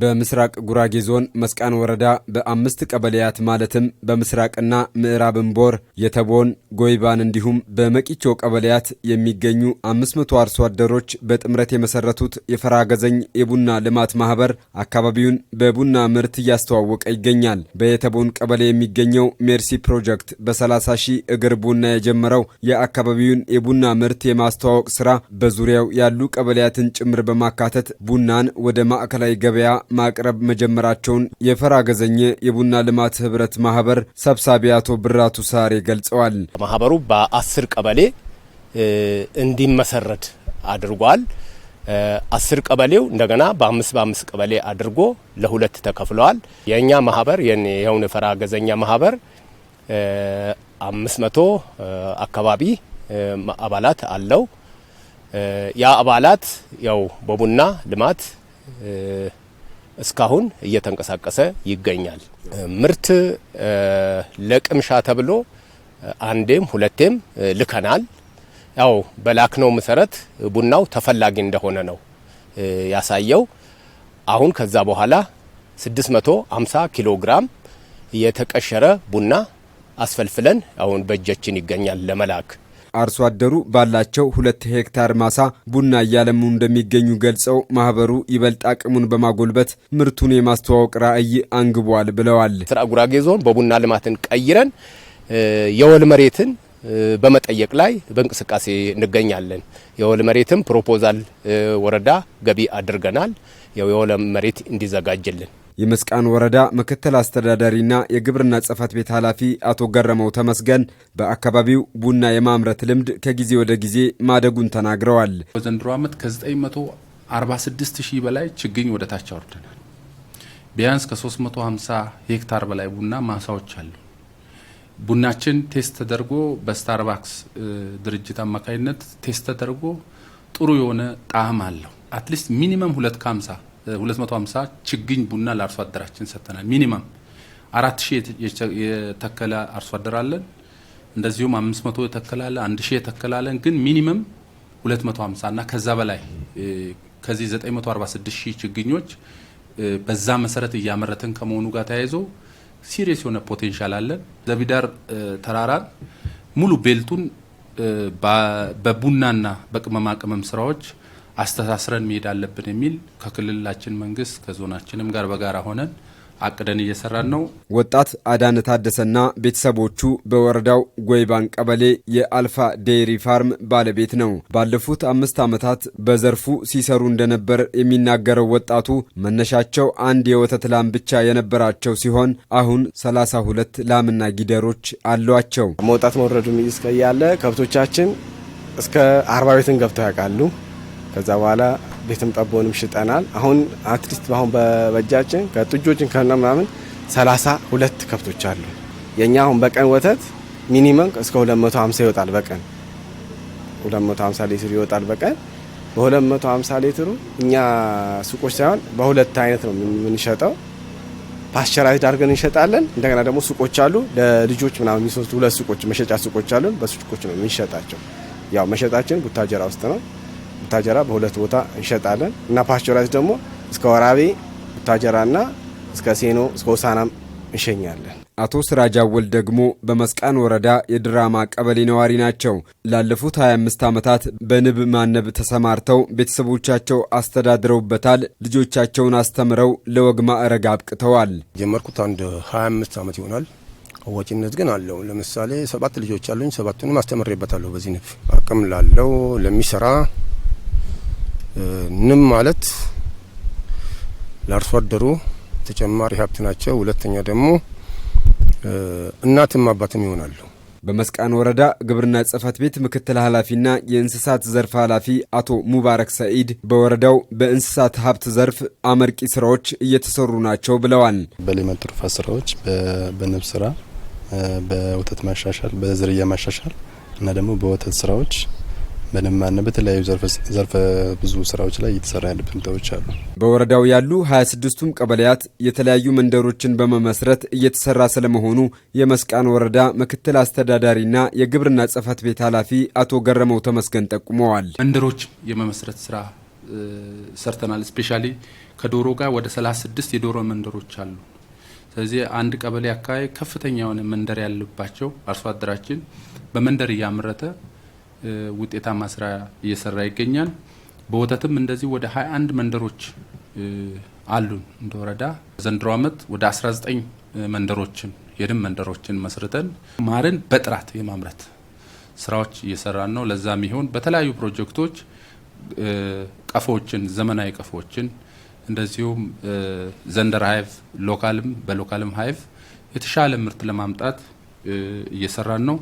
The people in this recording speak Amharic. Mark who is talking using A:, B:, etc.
A: በምስራቅ ጉራጌ ዞን መስቃን ወረዳ በአምስት ቀበሌያት ማለትም በምስራቅና ምዕራብ እምቦር፣ የተቦን፣ ጎይባን እንዲሁም በመቂቾ ቀበሌያት የሚገኙ 500 አርሶ አደሮች በጥምረት የመሰረቱት የፈራገዘኝ የቡና ልማት ማህበር አካባቢውን በቡና ምርት እያስተዋወቀ ይገኛል። በየተቦን ቀበሌ የሚገኘው ሜርሲ ፕሮጀክት በ30 ሺህ እግር ቡና የጀመረው የአካባቢውን የቡና ምርት የማስተዋወቅ ስራ በዙሪያው ያሉ ቀበሌያትን ጭምር በማካተት ቡናን ወደ ማዕከላዊ ገበያ ማቅረብ መጀመራቸውን የፈራ ገዘኘ የቡና ልማት ህብረት ማህበር ሰብሳቢ አቶ ብራቱ ሳሬ ገልጸዋል።
B: ማህበሩ በአስር ቀበሌ እንዲመሰረት አድርጓል። አስር ቀበሌው እንደገና በአምስት በአምስት ቀበሌ አድርጎ ለሁለት ተከፍለዋል። የእኛ ማህበር የሆነ ፈራ ገዘኛ ማህበር አምስት መቶ አካባቢ አባላት አለው። ያ አባላት ያው በቡና ልማት እስካሁን እየተንቀሳቀሰ ይገኛል። ምርት ለቅምሻ ተብሎ አንዴም ሁለቴም ልከናል። ያው በላክነው መሰረት ቡናው ተፈላጊ እንደሆነ ነው ያሳየው። አሁን ከዛ በኋላ 650 ኪሎ ግራም የተቀሸረ ቡና አስፈልፍለን አሁን በእጃችን ይገኛል ለመላክ
A: አርሶ አደሩ ባላቸው ሁለት ሄክታር ማሳ ቡና እያለሙ እንደሚገኙ ገልጸው ማህበሩ ይበልጥ አቅሙን በማጎልበት ምርቱን የማስተዋወቅ ራዕይ አንግቧል ብለዋል።
B: ስራ ጉራጌ ዞን በቡና ልማትን ቀይረን የወል መሬትን በመጠየቅ ላይ በእንቅስቃሴ እንገኛለን። የወል መሬትም ፕሮፖዛል ወረዳ ገቢ አድርገናል። የወል መሬት እንዲዘጋጅልን
A: የመስቃን ወረዳ ምክትል አስተዳዳሪና የግብርና ጽህፈት ቤት ኃላፊ አቶ ገረመው ተመስገን በአካባቢው ቡና የማምረት ልምድ ከጊዜ ወደ ጊዜ ማደጉን ተናግረዋል።
C: በዘንድሮ ዓመት ከ946 ሺህ በላይ ችግኝ ወደ ታች አውርደናል። ቢያንስ ከ350 ሄክታር በላይ ቡና ማሳዎች አሉ። ቡናችን ቴስት ተደርጎ በስታርባክስ ድርጅት አማካኝነት ቴስት ተደርጎ ጥሩ የሆነ ጣዕም አለው። አትሊስት ሚኒመም ሁለት ከ50 250 ችግኝ ቡና ለአርሶ አደራችን ሰጥተናል። ሚኒመም 4000 የተከለ አርሶ አደር አለን። እንደዚሁም 500 የተከላለ 1000 የተከላለን። ግን ሚኒመም 250 እና ከዛ በላይ ከዚህ 946 ችግኞች በዛ መሰረት እያመረትን ከመሆኑ ጋር ተያይዞ ሲሪየስ የሆነ ፖቴንሻል አለን። ዘቢዳር ተራራን ሙሉ ቤልቱን በቡናና በቅመማ ቅመም ስራዎች አስተሳስረን መሄድ አለብን የሚል ከክልላችን መንግስት ከዞናችንም ጋር በጋራ ሆነን አቅደን እየሰራን ነው።
A: ወጣት አዳነ ታደሰና ቤተሰቦቹ በወረዳው ጎይባን ቀበሌ የአልፋ ዴይሪ ፋርም ባለቤት ነው። ባለፉት አምስት ዓመታት በዘርፉ ሲሰሩ እንደነበር የሚናገረው ወጣቱ መነሻቸው አንድ የወተት ላም ብቻ የነበራቸው ሲሆን አሁን ሰላሳ ሁለት ላምና ጊደሮች አሏቸው።
D: መውጣት መውረዱም እስከ ያለ ከብቶቻችን እስከ አርባ ቤትን ገብተው ያውቃሉ። ከዛ በኋላ ቤትም ጠቦንም ሽጠናል። አሁን አትሊስት አሁን በበጃችን ከጥጆችን ከነ ምናምን ሰላሳ ሁለት ከብቶች አሉ። የእኛ አሁን በቀን ወተት ሚኒመም እስከ 250 ይወጣል በቀን 250 ሊትር ይወጣል በቀን በ250 ሊትሩ እኛ ሱቆች ሳይሆን በሁለት አይነት ነው የምንሸጠው። ፓስቸራይዝ አድርገን እንሸጣለን። እንደገና ደግሞ ሱቆች አሉ ለልጆች ምናምን የሚሰጡ ሁለት ሱቆች መሸጫ ሱቆች አሉን። በሱቆች ነው የምንሸጣቸው። ያው መሸጣችን ቡታጀራ ውስጥ ነው። ቡታጀራ በሁለት ቦታ እንሸጣለን እና ፓስቸራይዝ ደግሞ እስከ ወራቤ ቡታጀራና እስከ ሴኖ እስከ ሆሳናም እንሸኛለን።
A: አቶ ስራጃወል ደግሞ በመስቃን ወረዳ የድራማ ቀበሌ ነዋሪ ናቸው። ላለፉት 25 ዓመታት በንብ ማነብ ተሰማርተው ቤተሰቦቻቸው አስተዳድረውበታል። ልጆቻቸውን አስተምረው ለወግ ማዕረግ አብቅተዋል።
E: ጀመርኩት አንድ 25 ዓመት ይሆናል። አዋጭነት ግን አለው። ለምሳሌ ሰባት ልጆች አሉኝ። ሰባቱንም አስተምሬበታለሁ። በዚህ ንብ አቅም ላለው ለሚሰራ ንም ማለት ለአርሶ አደሩ ተጨማሪ ሀብት ናቸው። ሁለተኛ ደግሞ እናትም አባትም ይሆናሉ።
A: በመስቃን ወረዳ ግብርና ጽህፈት ቤት ምክትል ኃላፊና የእንስሳት ዘርፍ ኃላፊ አቶ ሙባረክ ሰኢድ በወረዳው በእንስሳት ሀብት ዘርፍ አመርቂ ስራዎች እየተሰሩ ናቸው ብለዋል።
F: በሌማት ትሩፋት ስራዎች፣ በንብ ስራ፣ በወተት ማሻሻል፣ በዝርያ ማሻሻል እና ደግሞ በወተት ስራዎች በንማና በተለያዩ ዘርፈ ብዙ ስራዎች ላይ እየተሰራ ያሉ ሁኔታዎች አሉ።
A: በወረዳው ያሉ 26ቱም ቀበሌያት የተለያዩ መንደሮችን በመመስረት እየተሰራ ስለመሆኑ የመስቃን ወረዳ ምክትል አስተዳዳሪና የግብርና ጽህፈት ቤት ኃላፊ አቶ ገረመው ተመስገን ጠቁመዋል።
C: መንደሮች የመመስረት ስራ ሰርተናል። ስፔሻሊ ከዶሮ ጋር ወደ 36 የዶሮ መንደሮች አሉ። ስለዚህ አንድ ቀበሌ አካባቢ ከፍተኛ የሆነ መንደር ያለባቸው አርሶ አደራችን በመንደር እያመረተ ውጤታማ ስራ እየሰራ ይገኛል። በወተትም እንደዚህ ወደ 21 መንደሮች አሉን እንደ ወረዳ። ዘንድሮ ዓመት ወደ 19 መንደሮችን የድም መንደሮችን መስርተን ማርን በጥራት የማምረት ስራዎች እየሰራን ነው። ለዛ ይሆን በተለያዩ ፕሮጀክቶች ቀፎዎችን ዘመናዊ ቀፎዎችን እንደዚሁም ዘንደር ሀይቭ ሎካልም በሎካልም ሀይቭ የተሻለ ምርት ለማምጣት እየሰራን ነው።